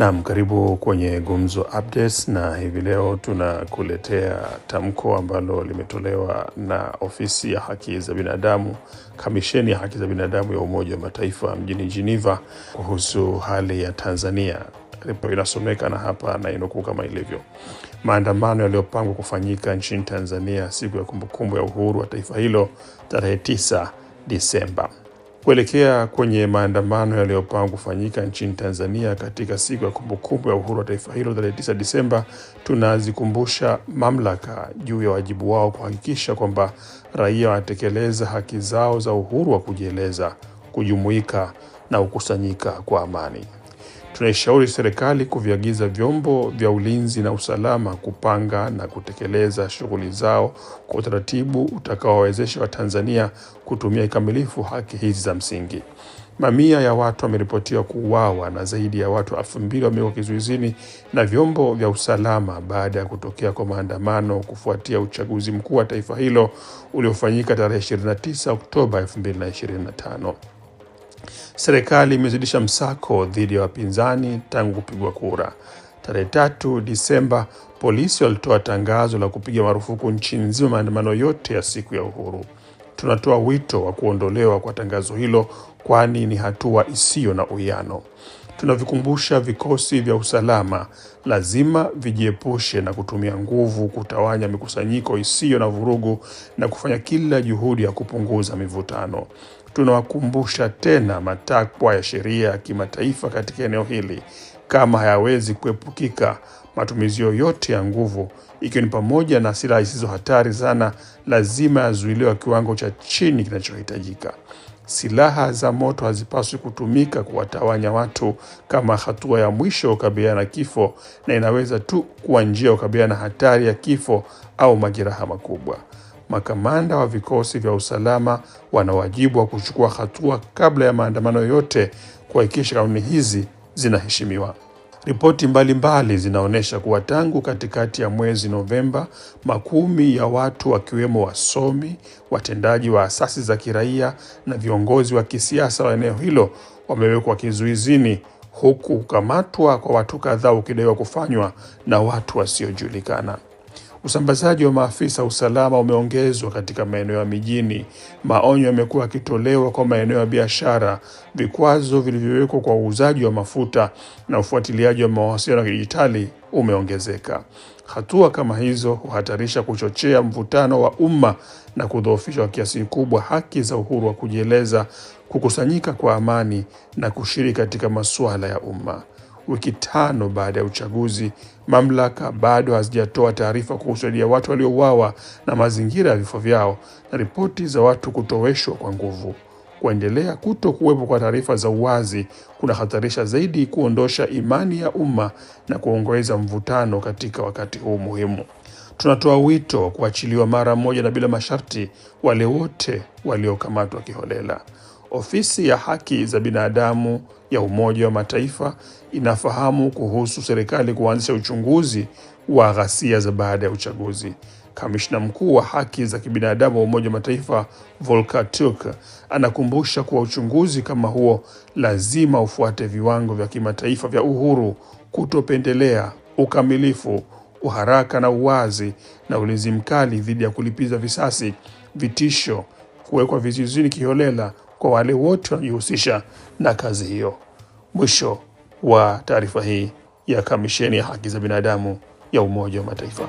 Naam, karibu kwenye Gumzo Updates na hivi leo tunakuletea tamko ambalo limetolewa na ofisi ya haki za binadamu, kamisheni ya haki za binadamu ya Umoja wa Mataifa mjini Geneva kuhusu hali ya Tanzania. Inasomeka na hapa na inukuu kama ilivyo: maandamano yaliyopangwa kufanyika nchini Tanzania siku ya kumbukumbu ya uhuru wa taifa hilo tarehe 9 Disemba kuelekea kwenye maandamano yaliyopangwa kufanyika nchini Tanzania katika siku ya kumbukumbu ya uhuru wa taifa hilo tarehe 9 Disemba, tunazikumbusha mamlaka juu ya wajibu wao kuhakikisha kwamba raia wanatekeleza haki zao za uhuru wa kujieleza, kujumuika na kukusanyika kwa amani. Tunaishauri serikali kuviagiza vyombo vya ulinzi na usalama kupanga na kutekeleza shughuli zao kwa utaratibu utakaowawezesha Watanzania kutumia kikamilifu haki hizi za msingi. Mamia ya watu wameripotiwa kuuawa na zaidi ya watu elfu mbili wamewekwa kizuizini na vyombo vya usalama baada ya kutokea kwa maandamano kufuatia uchaguzi mkuu wa taifa hilo uliofanyika tarehe 29 Oktoba 2025. Serikali imezidisha msako dhidi ya wapinzani tangu kupigwa kura. Tarehe tatu Disemba, polisi walitoa tangazo la kupiga marufuku nchi nzima maandamano yote ya siku ya uhuru. Tunatoa wito wa kuondolewa kwa tangazo hilo, kwani ni hatua isiyo na uwiano. Tunavikumbusha vikosi vya usalama lazima vijiepushe na kutumia nguvu kutawanya mikusanyiko isiyo na vurugu na kufanya kila juhudi ya kupunguza mivutano tunawakumbusha tena matakwa ya sheria ya kimataifa katika eneo hili kama hayawezi kuepukika matumizi yoyote ya nguvu ikiwa ni pamoja na silaha zisizo hatari sana lazima yazuiliwa kiwango cha chini kinachohitajika. Silaha za moto hazipaswi kutumika kuwatawanya watu kama hatua ya mwisho kukabiliana na kifo, na inaweza tu kuwa njia ya kukabiliana na hatari ya kifo au majeraha makubwa makamanda wa vikosi vya usalama wana wajibu wa kuchukua hatua kabla ya maandamano yote kuhakikisha kanuni hizi zinaheshimiwa. Ripoti mbalimbali zinaonyesha kuwa tangu katikati ya mwezi Novemba, makumi ya watu wakiwemo wasomi, watendaji wa asasi za kiraia na viongozi wa kisiasa wa eneo hilo wamewekwa kizuizini, huku kukamatwa kwa watu kadhaa ukidaiwa kufanywa na watu wasiojulikana. Usambazaji wa maafisa usalama umeongezwa katika maeneo ya mijini. Maonyo yamekuwa yakitolewa kwa maeneo ya biashara, vikwazo vilivyowekwa kwa uuzaji wa mafuta na ufuatiliaji wa mawasiliano ya kidijitali umeongezeka. Hatua kama hizo huhatarisha kuchochea mvutano wa umma na kudhoofisha kwa kiasi kikubwa haki za uhuru wa kujieleza, kukusanyika kwa amani na kushiriki katika masuala ya umma wiki tano baada ya uchaguzi, mamlaka bado hazijatoa taarifa kuhusu idadi ya watu waliouawa na mazingira ya vifo vyao na ripoti za watu kutoweshwa kwa nguvu. Kuendelea kuto kuwepo kwa taarifa za uwazi kunahatarisha zaidi kuondosha imani ya umma na kuongeza mvutano katika wakati huu muhimu. Tunatoa wito kuachiliwa mara moja na bila masharti wale wote waliokamatwa kiholela. Ofisi ya haki za binadamu ya Umoja wa Mataifa inafahamu kuhusu serikali kuanzisha uchunguzi wa ghasia za baada ya uchaguzi. Kamishna mkuu wa haki za kibinadamu wa Umoja wa Mataifa Volker Turk anakumbusha kuwa uchunguzi kama huo lazima ufuate viwango vya kimataifa vya uhuru, kutopendelea, ukamilifu, uharaka na uwazi, na ulinzi mkali dhidi ya kulipiza visasi, vitisho, kuwekwa vizuizini kiholela kwa wale wote wanajihusisha na kazi hiyo. Mwisho wa taarifa hii ya Kamisheni ya Haki za Binadamu ya Umoja wa Mataifa.